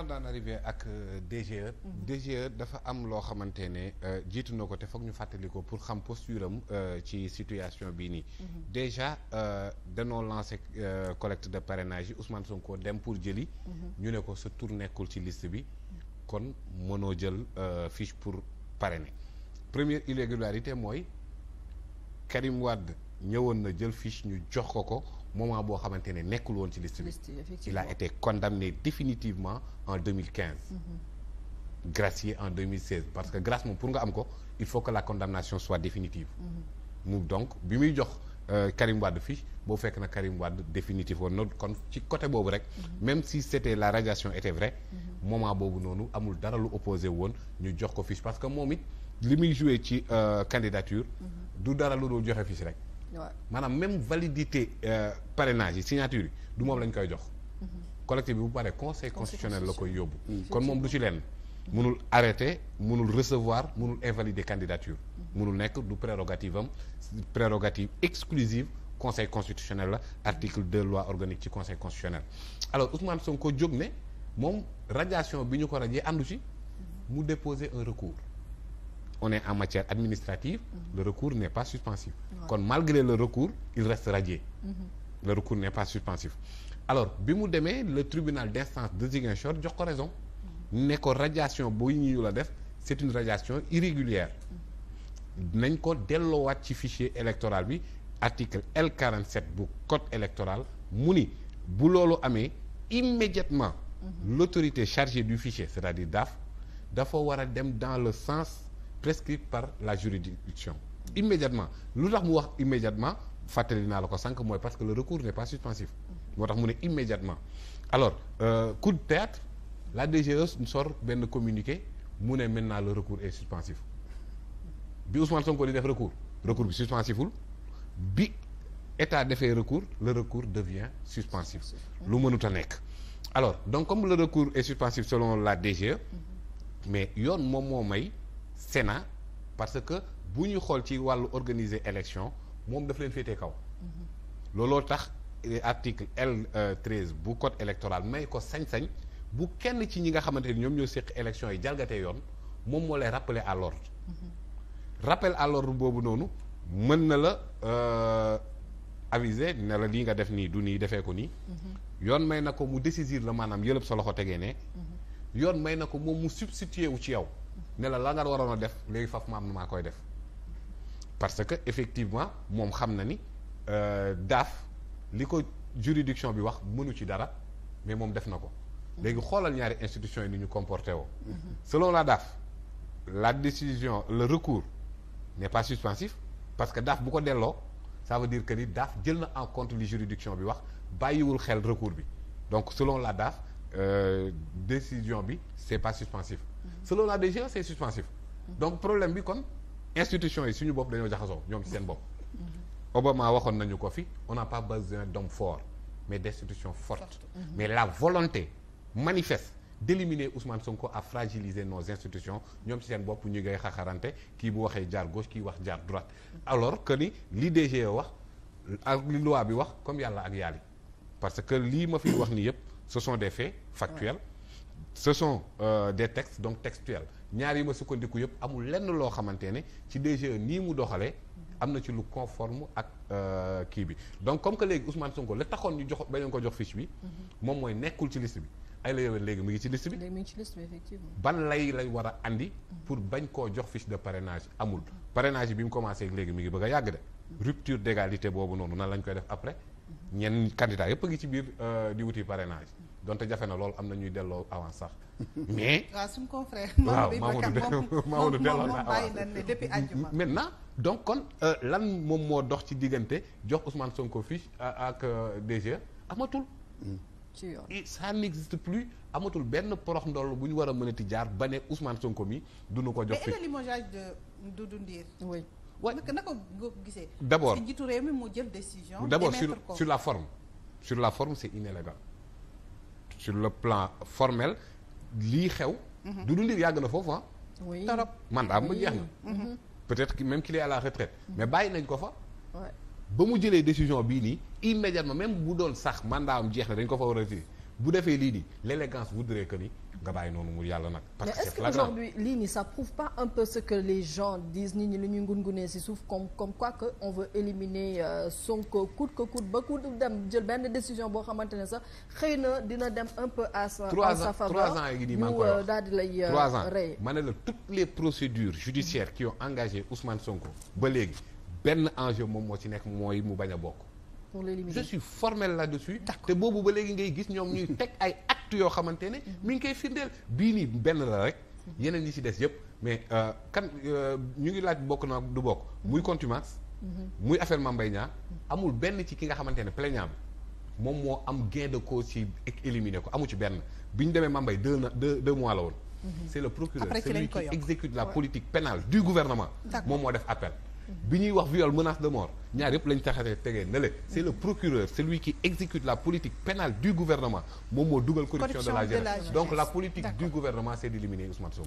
on en arrivé ak euh, DGE. Mm-hmm. DGE dafa am loo xamante ne euh, jiitu na ko te foog ñu fàttali ko pour xam posture euh, ci situation bii nii. Mm-hmm. déjà danoo lancé collecte de parrainage yi son Sonko dem pour jëli. Mm-hmm. ñu ne ko sa tur nekkul ci liste bi. kon mënoo jël fiche pour parrainer première irrégularité mooy Karim ñëwoon na jël fiche ñu jox ko ko moment boo xamante ne nekkul woon ci liste bi il a été condamné définitivement en 2015 mm -hmm. gracié en 2016 parce que grace moom pour nga am ko il faut que la condamnation soit définitive mm-hmm. mu mm -hmm. donc bi muy jox euh, Karim Wade fiche boo fekk na Karim Wade définitive woon na kon ci côté boobu rek mm-hmm. même si c'était la radiation était vraie mm-hmm. moment boobu noonu amul dara lu opposé woon ñu jox ko fiche parce que moom it li muy joué ci euh, candidature du dara lu dul joxe fiche rek maanaam même validité euh, parrainage yi signature yi du moom lañ koy jox. Mm-hmm. collectif bi bu paree conseil constitutionnel la koy yóbbu. kon moom du ci leen mënul arrêter mënul recevoir mënul invalider candidature. mënul mm-hmm. nekk du prérogative am prérogative exclusive conseil constitutionnel la article deux loi organique ci conseil constitutionnel. alors son Sonko jóg ne moom radiation bi ñu ko rajee àndu ci mu déposer un recours. on en matière administrative mhm. le recours n'est pas suspensif kon malgré le recours il reste radié mhm. le recours n'est pas suspensif alors bi mu demee le tribunal d'instance de Ziguinchor jox ko raison mhm. ne ko radiation bu ñu la def c'est une radiation irrégulière nañ ko delloowaat ci fichier électoral bi article L47 bu code électoral mu ni bu loolu amee immédiatement l'autorité chargée du fichier c'est-à-dire DAF dafa war a dem dans le sens presque par la juridiction immédiatement lu tax mu wax immédiatement fàttali naa la ko sànq mooy parce que le recours n'est pas suspensif moo tax mu ne immédiatement alors euh, coup de théâtre la DGE sor benn communiqué mu ne maintenant le recours et suspensif bi Ousmane Sonko di def recours recours bi suspensiful bi état defee recours le recours devient suspensif lu mënut a nekk alors donc comme le recours est suspensif selon la DGE mais yoon moom moo may Sénat parce que bu ñu xool ci wàllu organiser élection moom daf leen féetee kaw mm-hmm. looloo tax eh, article L euh, treize bu code électoral may ko sañ-sañ bu kenn ci ñi nga xamante ni ñoom ñoo séq élection yi jalgatee yoon moom moo lay rappeler à l'ordre mm-hmm. rappel à l'ordre boobu noonu mën na la euh, aviser ne la lii nga def nii du nii defee ko nii mm-hmm. yoon may na ko mu décisir la maanaam yëlëb sa loxo tegee ne yoon may na ko moom mu substituer wu ci yow ne la la waroon a def léegi faf ma am na maa koy def parce que effectivement moom xam na ni euh, daaf li ko juridiction bi wax mënu ci dara mais moom def na ko léegi xoolal ñaari institutions yi ni ñu comporté woo selon la DAF la décision le recours n'est pas suspensif parce que DAF bu ko delloo ça veut dire que ni DAF jël na en compte li juridiction bi wax bàyyiwul xel recours bi donc selon la DAF euh, décision bi c'est pas suspensif selon la DGE c'est suspensif donc problème bi kon institution yi suñu bopp dañoo jaxasoo ñoom ci seen bopp mm-hmm. Obama waxoon nañu ko fi on n'a pas besoin d'hommes forts mais d'institutions fortes mm-hmm. mais la volonté manifeste d'éliminer Ousmane Sonko a fragilisé nos institutions ñoom ci seen bopp ñu ngay xaxarante kii bu waxee jaar gauche kii wax jaar droite mm-hmm. alors que ni li DGE wax ak li loi bi wax comme yàlla ak yàlli parce que lii ma fi wax nii yëpp ce sont des faits factuels ce sont euh, des textes donc textuels ñaar yi ma sukkandiku yëpp amul lenn loo xamante ne ci DGE nii mu doxalee am na ci lu conforme ak euh, kii bi donc comme que léegi Ousmane Sonko la taxoon ñu jox bañoon ko jox fiche bi mhm. moom mooy nekkul ci liste bi ay la yowee léegi mu ngi ci liste bi mi ngi ci liste bi ban lay lay war a andi mhm. pour bañ koo jox fiche de parrainage amul parenage bi mu commencé léegi mi ngi bëgg a yàgg de mhm. rupture d'égalité boobu noonu nan lañ koy def après ñenn candidat yëpp a ngi ci biir euh, di wuti parrainage donte jafe na loolu am na ñuy delloo avance sax mais. waaw suñu confrère. waaw Mamadou de Mamadou delloo na avance depuis àjjuma maintenant donc kon euh, lan moom moo dox ci diggante jox Ousmane Sonko fiche euh, ak euh, DG amatul. Mm. ci yoon ça n'existe plus amatul benn porox ndoll bu ñu war a mënati jaar ba ne Ousmane Sonko mi duñu ko jox fiche. mais et le limogeage de Doudou Ndir. oui waaw naka naka nga gisee. d' abord si njiitu réew mi mu jël décision. d' abord sur sur la forme sur la forme c' est inélégal. sur le plan formel lii xew. Mhm. du du ndir yàgg na foofu ah. oui tarab mandat ma jeex na. Mhm. peut-être que même qu'il est à la mhm. mais bàyyi nañ ko fa. ba mu jëlee décision bii nii immédiatement même bu doon sax mandat am jeex na dañ ko fa war a bu defee lii nii l'élégance voudrait que ni nga bàyyi noonu mu yàlla nag. parce que c'est mais est-ce que aujourd'hui lii nii sa prouve pas un peu ce que les gens disent nit ñi lu ñuy ngun ngungunee si suuf comme comme quoi que on veut éliminer euh, Sonko coûte que ba ku dem jël benn décision boo xamante ne sax xëy na dina dem un peu à sa. à sa faveur trois ans yi nii maa ngi euh, daal di lay. Euh, trois ans ma ne la toutes les procédures judiciaires qui ont engagé Ousmane Sonko ba léegi benn enjeu moom moo ci nekk mooy mu bañ a bokk. pour l'éliminer je suis formel là-dessus. te boobu ba léegi ngay gis ñoom ñuy teg ay actes yoo xamante ne. Mhm. mi ngi koy firndeel bii nii benn la rek. Mhm. yeneen yi ci des yëpp mais euh, kan euh, ñu ngi laaj bokk na du bokk. muy contumace. Mhm. muy affaire Mame Mbaye Niang amul benn ci ki nga xamante ne plaignant moom moo am gain de cause ci ko amu ci benn bi ñu demee Mame Mbaye deux deux mois la woon. c'est exécute la politique pénale du gouvernement. moom moo def appel. bi ñuy wax viol menace de mort ñaar yëpp lañ taxatee tegee ne le c'est le procureur celui qui exécute la politique pénale du gouvernement moom moo dugal corruption de la jeunesse donc la politique du gouvernement c'est d'éliminer Ousmane Sonko